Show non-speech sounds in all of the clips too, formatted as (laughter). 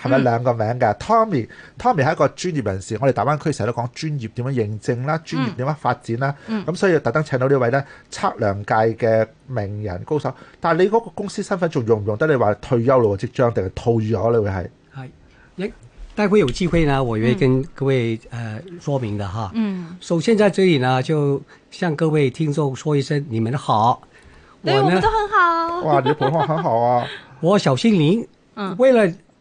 係咪兩個名嘅、嗯？Tommy，Tommy 係一個專業人士。我哋大灣區成日都講專業點樣認證啦，專業點樣發展啦。咁、嗯嗯、所以特登請到呢位呢測量界嘅名人高手。但係你嗰個公司身份仲用唔用得？你話退休咯，即將定係套咗咧？會係係影？待會有機會呢，我會跟各位誒、呃嗯、說明的哈。嗯，首先在這裡呢，就向各位聽眾說一聲你們好我。我們都很好。哇，你普通話很好啊！ (laughs) 我小杏林、嗯，為了。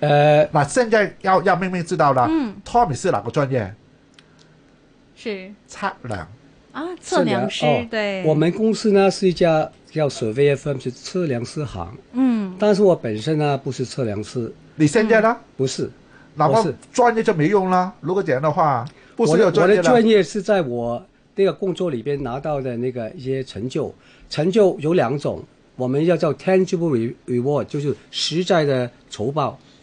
呃，那、啊、現在要要妹妹知道啦。嗯，Tommy 是哪個專業？是測量啊，測量師對、哦。我們公司呢是一家叫 Surveyor firm 是測量師行。嗯，但是我本身呢不是測量師。你現在呢？嗯、不是，哪是專業就沒用啦。如果這樣的話，不是有專業。我的專業是在我那個工作裏邊拿到的那個一些成就。成就有兩種，我們要叫 tangible reward，就是實在的酬報。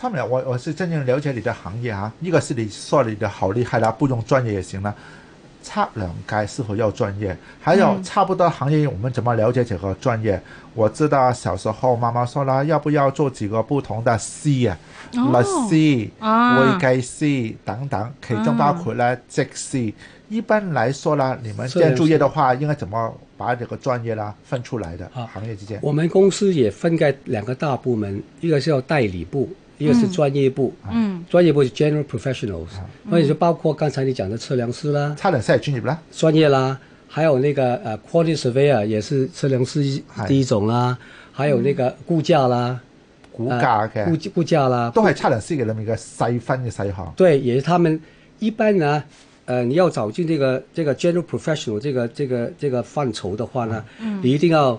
差唔多，我我是真正了解你的行業啊。一個是你說你的好厲害啦，不用專業也行啦。測量界，是否要專業，還有差不多行業。我們怎麼了解這個專業？我知道小時候媽媽說啦，要不要做幾個不同的 C 啊、oh,？C、oh.、？V K C 等等，其中包括啦，即、oh. C。一般來說啦，你們建築業的話應該怎麼把這個專業啦分出來的？行業之間，我們公司也分開兩個大部門，一個是叫代理部。一個是專業部嗯，嗯，專業部是 general professionals，、啊嗯、就包括剛才你講的測量師啦，測量師係專業啦，專業啦，還有那個、呃、quality surveyor 也是測量師第一種啦，嗯、還有那個估價啦，估價嘅估估價啦，都係測量師的裡面嘅細分的細項。對，也是他們一般呢，呃、你要找進、那個、這個這 general professional 這個這個這個範疇的話呢、嗯，你一定要。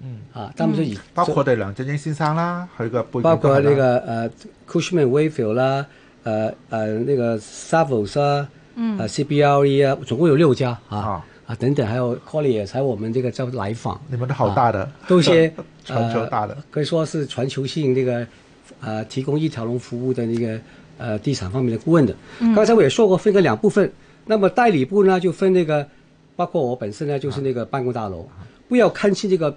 嗯啊他們就以嗯，包括我哋梁振英先生啦，佢嘅背景包括那個呃、那個啊、Cushman Wakefield 啦，呃呃那個 Savos 啊，誒、嗯啊、CBRE 啊，總共有六家啊啊，啊，啊等等，還有 Colliers 也採我們這個做萊坊。你們都好大的，都係全球大的，可以說是全球性那個誒、呃、提供一條龍服務的那個誒、呃、地產方面的顧問的、嗯、剛才我也說過分個兩部分，那麼代理部呢就分那個包括我本身呢就是那個辦公大樓，啊啊、不要看輕這個。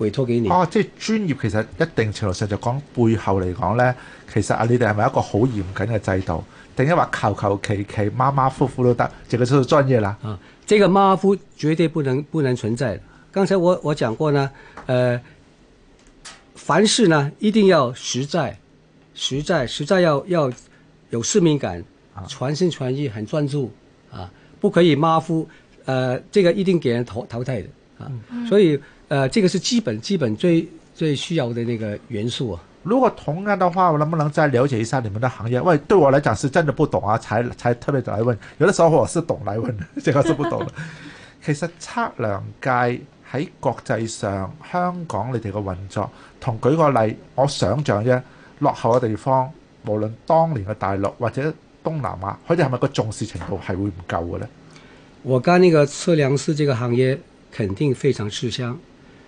攰咗幾年哦、啊！即係專業，其實一定程度上就講背後嚟講咧，其實啊，你哋係咪一個好嚴謹嘅制度，定係話求求其其、馬馬虎虎都得，這個就係專業啦。啊，這個馬虎絕對不能不能存在。剛才我我講過呢，誒、呃，凡事呢一定要實在、實在、實在要，要要有使命感，全心全意、很專注啊，不可以馬虎。誒、呃，這個一定給人淘淘汰的啊，所以。嗯誒、呃，這個是基本基本最最需要的那個元素，啊。如果同樣的話，我能不能再了解一下你們的行業？喂，對我來講是真的不懂啊！才才特別嚟問，有啲時候我係懂嚟問，現在係不懂了。 (laughs) 其實測量界喺國際上，香港你哋嘅運作同舉個例，我想象啫，落後嘅地方，無論當年嘅大陸或者東南亞，佢哋係咪個重視程度係會唔夠嘅呢？我講呢個測量師這個行業肯定非常吃香。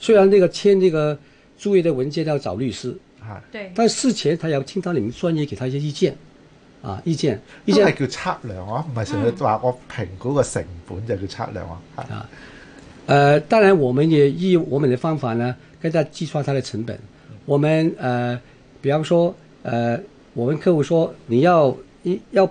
雖然那個簽這個注意的文件要找律師，啊，對，但事前他要聽到你們專業，給他一些意見，啊，意見，意見叫測量啊，唔係純粹話我評估個成本就叫測量啊，嗯、啊，誒、呃，當然我們也依我們的方法呢，跟他計算佢的成本，我們呃比方說，呃我們客戶說，你要一要。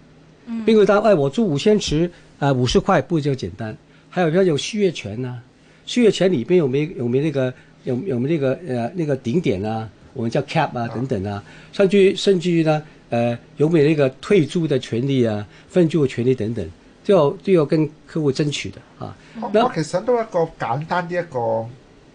碧桂園，哎，我租五千尺，啊、呃、五十塊，不就簡單？還有譬如有續約權啊，續約權裏邊有沒有，有沒有那個有有沒有那個，呃那個頂點啊，我們叫 cap 啊等等啊，甚至甚至於呢，呃有沒有那個退租的權利啊，分租的權利等等，都要都要跟客戶爭取的啊。嗱、嗯，我其實都一個簡單的一個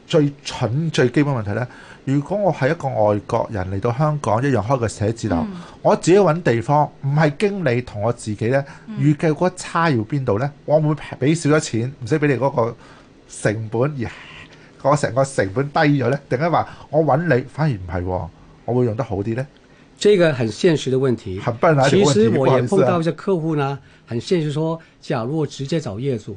最蠢最基本問題呢如果我係一個外國人嚟到香港一樣開個寫字樓，嗯、我自己揾地方，唔係經理同我自己咧預計嗰差要邊度咧？我會唔會俾少咗錢，唔使俾你嗰個成本而我成個成本低咗咧？定係話我揾你反而唔係、哦，我會用得好啲咧？呢、呢個很現實嘅問題，其實我也碰到一啲客戶呢，很現實說，說假如我直接找業主。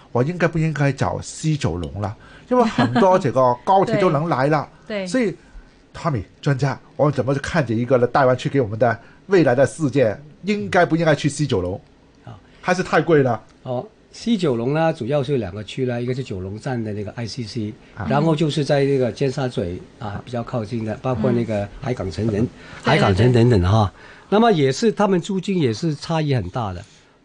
我應該不應該找西九龍啦，因為很多這個高鐵都能來啦。 (laughs) 對，所以 Tommy 專家，我怎麼看着一個呢，大灣區給我們的未來的世界，應該不應該去西九龍？啊、嗯，還是太貴了。哦，西九龍呢，主要是兩個區啦，一個是九龍站的那個 ICC，嗯、然後就是在那個尖沙咀啊，比較靠近的，包括那個海港城人、嗯、海城人海港城等等哈哎哎哎。那麼也是，他們租金也是差異很大的。